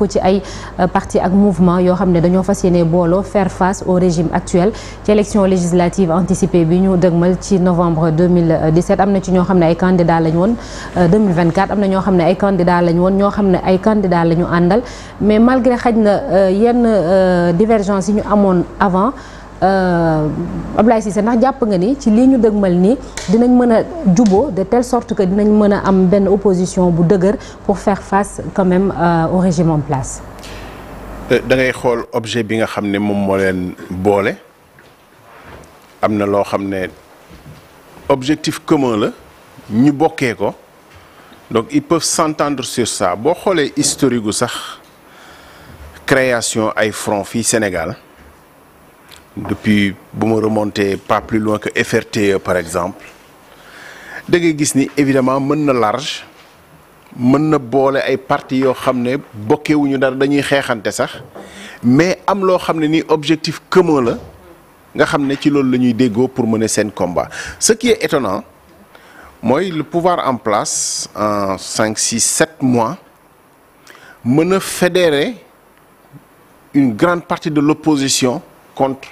ko ci ay euh, parti ak mouvement yoo xam ne dañoo fas yéene booloo faire face au régime actuel ci élection législative anticipée bi ñu dëgmal ci novembre am na ci ñoo xam ne ay candidats lañ woon 2024 euh, am na ñoo xam ne ay candidats lañ woon ñoo xam ne ay candidats àndal mais malgré xaj na euh, yenn divergence yi ñu amoon avant Euh, Abdoulaye Cissé ndax jàpp nga ni ci lii ñu dëgmal nii dinañ mën a juboo de telle sorte que dinañ mën a am benn opposition bu dëgër pour faire face quand même euh, au régime en place. Euh, da xool objet bi nga xam ne moom moo leen boole am na loo xam ne objectif commun la ñu bokkee ko donc ils peuvent s'entendre sur ça boo xoolee historique gu sax création ay front fii Sénégal. depuis bu ma remonté pas plus loin que FRTE par exemple da ngay gis ni évidemment mën na large mën na boole ay parti yoo xam ne bokkewuñu dara dañuy xeexante sax mais am loo xam ne ni objectif commun la nga xam ne ci loolu la ñuy déggoo pour mener seen combat ce qui est étonnant mooy le pouvoir en place en cinq six sept mois mën a fédérer une grande partie de l'opposition contre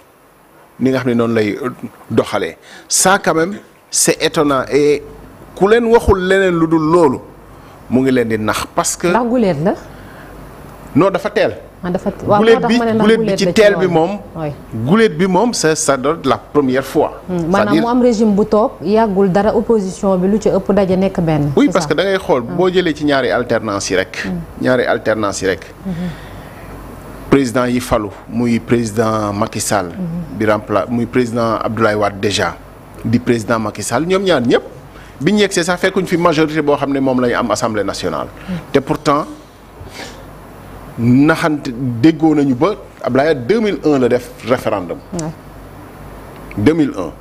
ni nga xam ne noonu lay euh, doxalee ça quand même c'est ku leen waxul leneen lu dul loolu mu ngi leen di nax parce que. ndax guleet la. non dafa teel. Ah, dafa guleet bi guleet bi ci teel bi moom. guleet bi moom sa sa doon la première fois. Hmm, cest à mu am régime bu toog yàggul dara opposition bi lu ci ëpp daje nekk benn. oui parce que da ngay xool hmm. boo jëlee ci ñaari alternance yi rek. Hmm. ñaari alternance yi rek. président yi falu muy président Macky Sall. Mhm. rempla muy président Abdoulaye Wade déjà di président Macky Sall ñoom ñaar ñëpp bi ñu yegsee sax fekkuñ fi majorité boo xam ne moom la ñu am assemblée nationale. Mhm. te pourtant naxante déggoo nañu ba Abdoulaye 2001 la def référendum. 2001.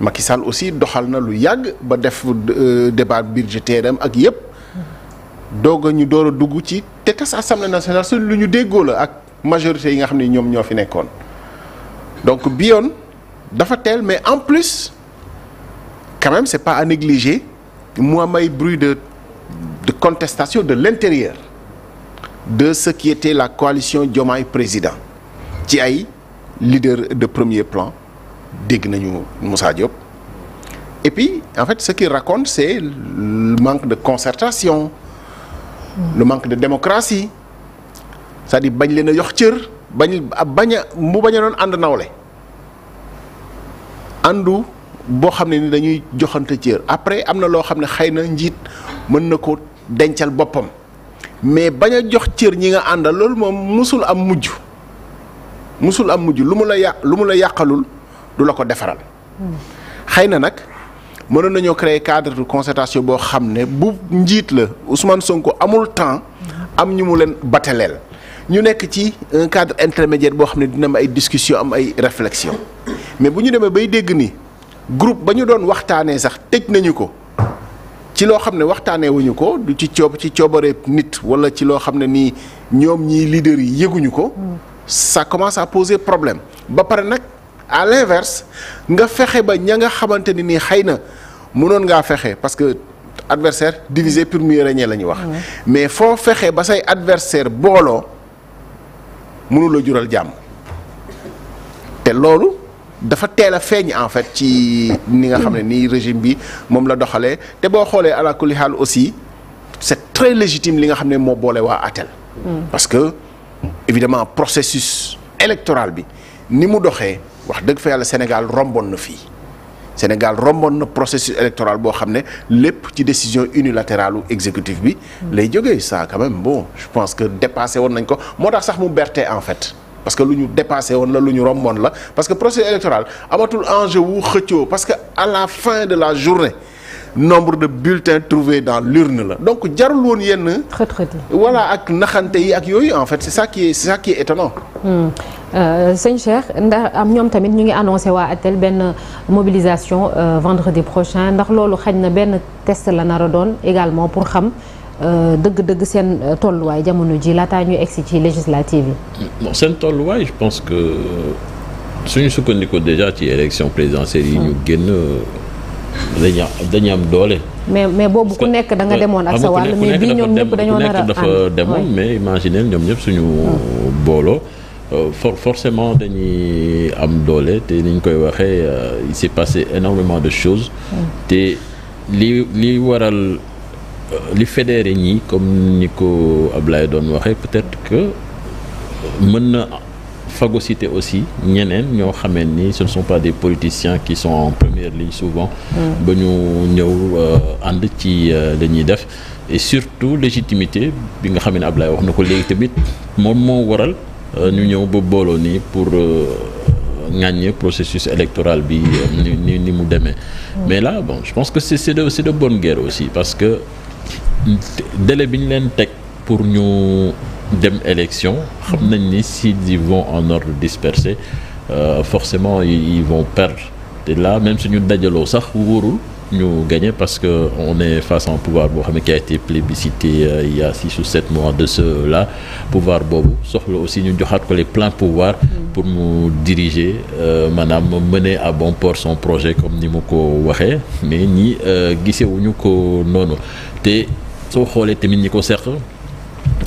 Macky Sall aussi doxal na lu yàgg ba def euh, débat budgétaire am ak yëpp mhm. doog ñu door dugg ci te tas assemblée nationale su lu ñu déggoo la majorité yi nga xam ne ñoom ñoo fi nekkoon donc bi dafa teel mais en plus quand même c'est pas à négliger mu am ay bruit de contestation de l'intérieur de ce qui était la coalition Diomaye président ci ay leader de premier plan dégg nañu Moussa Diop et puis en fait ce qu'il raconte c'est le manque de concertation le manque de démocratie cest à bañ leen a yox cër bañ bañ a mu bañ a doon ànd nawle àndu boo xam ne ni dañuy joxante cër après am na loo xam ne xëy na njiit mën na ko dencal boppam mais bañ a jox cër ñi nga àndal loolu moom musul am mujj musul am mujj lu mu la yàq lu mu la yàqalul du la ko defaral. xëy na nag mënoon nañoo créer cadre de concertation boo xam ne bu njiit la Ousmane Sonko amul temps am ñu mu leen bateleel ñu nekk ci un cadre intermédiaire boo xam ne dina am ay discussion am ay réflexion mais bu ñu demee bay dégg ni groupe ba ñu doon waxtaanee sax tëj nañu ko ci loo xam ne waxtaanee wuñu ko du ci coob ci coobareeb nit wala ci loo xam ne nii ñoom ñii leaders yi yëguñu ko ça commence à poser problème ba pare nag à l'inverse nga fexe ba ña nga xamante ni nii xëy na mënoon ngaa fexe parce que adversaire divisé pour mieux régner la ñuy wax mais foo fexe ba say adversaire booloo mënula jural jàmm te loolu dafa teel a feeñ en fait ci ni nga xam ne ni régime bi moom la doxalee te boo xoolee ala kulli aussi c'est très légitime li nga xam ne moo boole waa ATEL. parce que évidemment processus électoral bi ni mu doxee wax dëgg fa yàlla Sénégal rombon na fii. Sénégal romboon na processus électoral boo xam ne lépp ci décision unilatérale u exécutif bi. lay jógee ça quand même bon je pense que dépassé woon nañ ko moo tax sax mu berte en fait. parce que lu ñu dépassé woon la lu ñu romboon la parce que processus électoral amatul enjeu wu xëccoo parce que à la fin de la journée. nombre de bulletins trouvés dans l'urne la donc jarul woon yenn voilà ak naxante yi ak yooyu en fait c'est ça qui est c'est ça qui est hmm. euh, ndax am ñoom tamit ñu ngi annoncé waa ATEL benn mobilisation euh, vendredi prochain ndax loolu xaj na benn test la nar a doon également pour xam euh, dëgg-dëgg seen tolluwaay jamono ji laataa ñuy egsi ci législative yi. bon seen tolluwaay je pense que suñu sukkandiku déjà ci élection présidentielle yi ñu hmm. génn. dañuy dañuy am doole. mais mais boobu ku nekk da nga demoon ak sa wàll. mais bii ñoom ñëpp dañoo nar a dafa demoon mais imaginer ñoom ñëpp suñu booloo. Euh, for forcément dañuy am doole te ni ñu koy waxee euh, il s'est passé énormément de choses. te li li waral euh, li fédéré ñi comme ni ko Ablaye doon waxee peut-être que mën na. phagocyté aussi ñeneen ñoo xamee ni ce ne sont pas des politiciens qui sont en première ligne souvent mm. ba ñu ñëw euh, ànd ci euh, li def et surtout légitimité bi nga xam ne Ablaye wax na ko léegi tamit moom moo waral euh, ñu ñëw ba booloo nii pour ŋàññe processus électoral bi ni mu demee mm. mais là bon je pense que c'est de c'est guerre aussi parce que délai bi ñu leen teg pour ñu dem élection xam nañ ni s'ils y vont en ordre dispersé euh, forcément ils von perdre te là même suñu dajaloo sax wóorul ñu gagné parce que on est face pouvoir boo xam ne qui a été plébiscité euh, il y a six ou sept mois de là pouvoir boobu soxla aussi ñu joxaat ko les pleins pouvoirs pour mu diriger euh, maanaam mener à bon port son projet comme ni mu ko waxee mais ñi euh, gisewuñu ko noonu te soo xoolee tamit ñi ko seq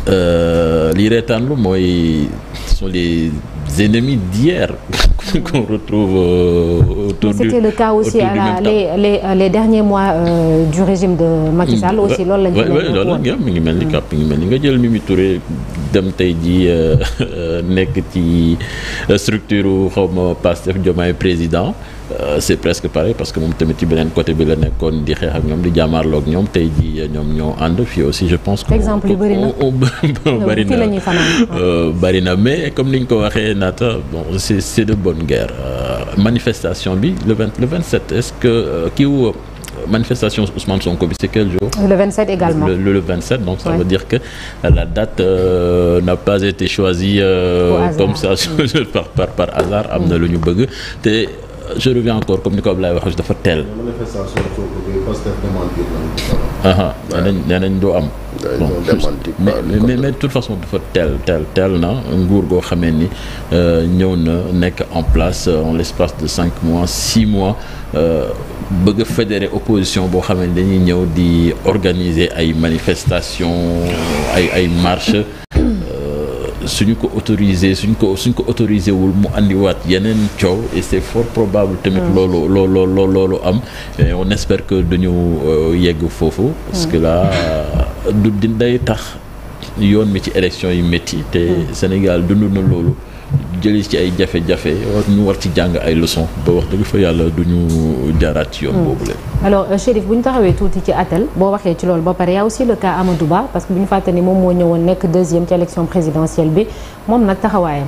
Euh, li reetaanlu mooy ce sont les ennemis d'hier retrouve euh, autour du c'était le cas aussi à la les les euh, les derniers mois du régime de Macky Sall mm, aussi loolu lañ loolu lañ mi ngi mel ni mm. kàpp mi ngi mel ni nga jël Mimi Touré dem tey ji nekk ci structure xaw ma Pastef président Euh, c'est presque pareil parce que moom tamit ci beneen côté bi nekkoon di xeex ak ñoom di jàmmaarloog ñoom tey jii ñoom ñoo ànd fii aussi je pense que exemple yu bëri euh, mais comme ni ñu ko waxee naata bon c'est c'est de bonne guerre euh, manifestation bi le vingt le vingt sept est-ce que kiiw manifestation Ousmane Sonko bi c'est quel jour le 27 également donc ça veut dire que la date n'a pas été choisie comme ça par hasard am na lu ñu bëgg je reviens encore comme ni ko Ablaye waxee dafa teel. nee nañ nee nañ doo am. mais mais toute façon dafa teel teel teel na nguur goo xamee ni euh, ñëw na nekk en place euh, en l'espace de cinq mois six mois euh, bëgg a fédérer opposition boo xamee ni dañuy ñëw di organiser ay manifestations ay marche suñu ko autorisé suñ ko suñ ko autorisé wul mu andiwaat yeneen coow et c'est fort probable tamit hmm. loolu loolu loolu loolu am on espère que dañu euh, yegg foofu parce hmm. que là du day tax yoon mi ci élection yi métti te hmm. Sénégal dundu na loolu jëlee ci ay jafe-jafe ñu war ci jàng ay leçons ba wax dëgg fa yàlla du ñu jaaraat ci yoon hmm. boobu la. alors euh, bu ñu taxawee tuuti ci atel boo waxee ci loolu ba pare yaa aussi le cas Amadou Ba parce que bu ñu fàtte ni moom moo ñëwoon nekk deuxième ci élection présidentielle bi moom nag taxawaayam.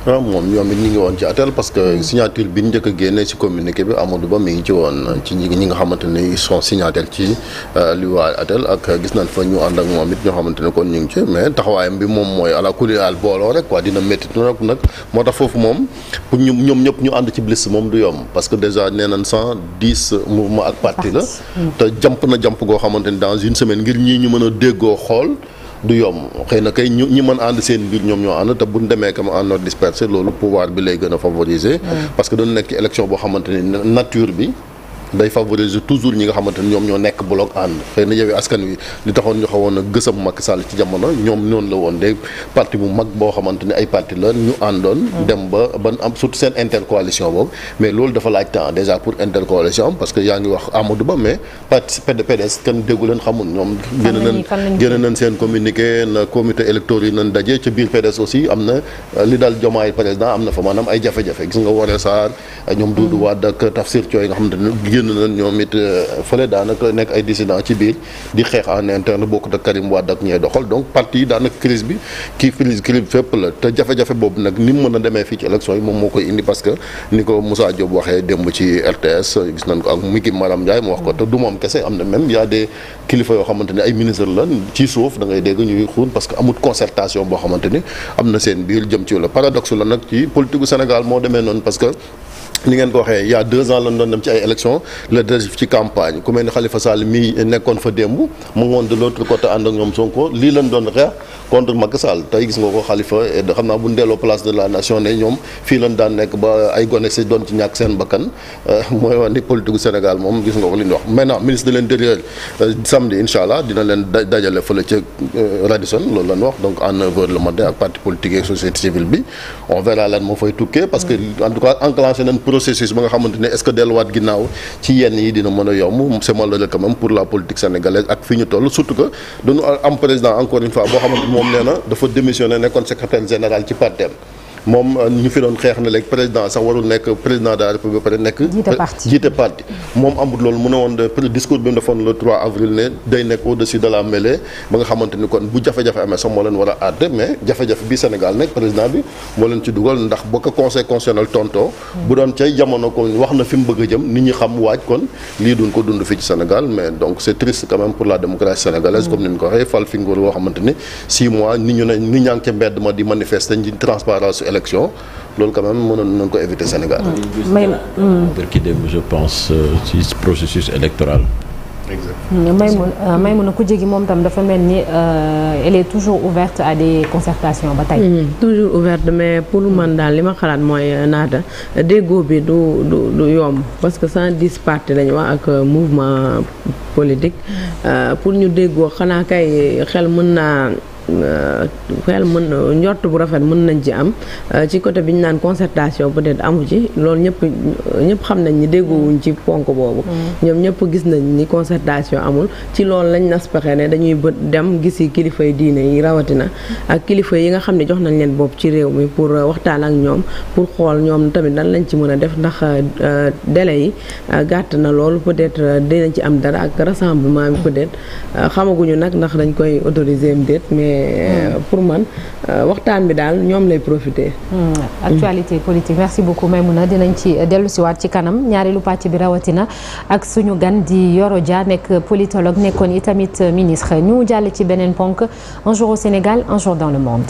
waaw ah, moom ñoom it ñi ngi woon ci atel parce que signature bi njëkk a génne si communiqué bi Amadou Ba mi ngi ci woon ci ñi nga xamante ni ils sont signataires ci euh, li waa atel ak gis nañ fa ñu ànd ak moom it ñoo xamante ne kon ñu ngi ci mais taxawaayam bi moom mooy ala kulli al booloo rek quoi dina métti rek nag moo tax foofu moom pour ñu ñoom ñëpp ñu ànd ci liste moom du yomb parce que déjà nee nañ cent dix mouvement ak parti la te jamp na jamp koo xamante ni dans une semaine ngir ñii ñu mën a déggoo xool du yomb xëy na kay ñu ñi mën ànd seen biir ñoom ñoo ànd te buñ demee comme en ordre dispersé loolu pouvoir bi lay gën a favoriser mm. parce que doon nekk élection boo xamante ni nature bi day favoriser toujours ñi nga xamante ni ñoom ñoo nekk bloc ànd xëy na Yewwi Askan Wi li taxoon ñu a gësam Macky Sall ci jamono ñoom noonu la woon de parti bu mag boo xamante ni ay parti la ñu àndoon. Mm. dem ba ban am surtout seen intercoalition boobu. mais loolu dafa laaj temps déjà pour intercoalition am parce que yaa ngi wax Amadou Ba mais parti PDS kenn déggu leen xamul ñoom. génn nañ génn nañ seen communiqué na comité électoral yi nañ daje ca biir PDS aussi euh, ay jafe gis nga Woré Sarr ñoom Doudou mm. Wade ak génn nañ ñoom it euh, fële daanaka nekk ay dissident ci biir di ni mu a demee fii ci élection yi moom moo koy indi parce que ni ko Moussa waxee démb ci RTS gis nañ ko ak Miki Maram Ndiaye mu wax ko te du moom kese am na même y a kilifa yoo xamante ay ministre la ci suuf da dégg ñuy xuun parce que amut concertation boo xamante am na seen biir jëm ci la paradoxe la nag ci politique Sénégal moo demee noonu parce que ni ngeen ko waxee il deux ans lañ doon dem ci ay élections la des ci campagne ku mel ni Khalifa Sall nekkoon fa démb mu ngoon de l'autre côté ànd ak ñoom Sonko lii lañ doon xeex contre Macky Sall tey gis nga ko Khalifa xam naa bu ñu place de la nation ne ñoom fii lañ daan nekk ba ay gone si doon ci ñàkk seen bakkan euh, mooy wax ni politique Sénégal moom gis nga ko li ñu wax. maintenant ministre de l'intérieur euh, samedi incha allah dina leen dajale fële euh, processus ba nga xamante ne delluwaat ginnaaw ci yenn yi dina mën a yomb c'est malheureux quand même pour la politique sénégalaise ak fi ñu toll surtout que dañu am président encore une fois boo xamante moom nee dafa démissionné nekkoon secrétaire général ci partem moom euh, ñu fi doon xeex na léegi président sax warul nekk président de la république ba nekk. jiite parti moom amul loolu mu ne woon de discours bi mu defoon le 3 avril ne day nekk au-dessus de la mêlée ba nga xamante ni kon bu jafe-jafe amee sax moo leen war a àdde mais jafe-jafe bi Sénégal nekk président bi moo leen ci dugal ndax boo ko conseil constitutionnel tontoo bu doon cay jamono kon wax na fi mu bëgg a jëm nit ñi xam waaj kon lii duñ ko dund élection loolu quand même mënoon nañ ko éviter Sénégal. may ma hmm. barki démb je pense euh, ci processus électoral. exactement Maïmouna euh, Maïmouna moom tam dafa mel ni euh, elle est toujours ouverte à des concertations ba tey. Hmm, toujours ouverte mais pour man daal li ma xalaat mooy naata déggoo bi du du du yomb parce que 110 partis lañu wax ak mouvement politique pour ñu déggoo xanaa kay xel mën naa. Euh, xel mën njort bu rafet mën nañ ci am euh, ci côté bi ñu naan concertation peut-être amu ci loolu ñëpp ñëpp xam nañ ni déggoowuñ ci ponk boobu mm. ñoom ñëpp gis nañ ni concertation amul ci loolu lañ nas pexe ne dañuy bët dem gisi kilifa yi diine yi rawatina ak kilifa yi nga xam ne jox nañ leen bopp ci réew mi pour euh, waxtaan ak ñoom pour xool ñoom tamit nan lañ ci mën a def ndax délai yi gàtt na loolu peut-être dinañ ci am dara ak rassemblement bi peut-être xamaguñu nag ndax dañ koy autoriser Euh, mm. pour man euh, waxtaan bi daal ñoom lay profité. Mm. actualité politique merci beaucoup Maimouna dinañ ci euh, dellu waat ci kanam ñaareelu pàcc bi rawatina ak suñu gan di Yoro Dia nekk politologue nekkoon itamit ministre ñu jàll ci beneen ponk un au Sénégal un jour dans le monde.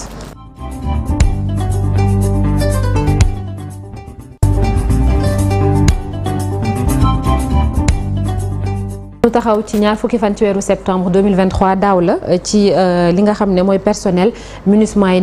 waxtu taxaw ci ñaar fukki fan ci weeru septembre 2023 daaw la ci euh, li nga xam ne mooy personnel MINUSMA yi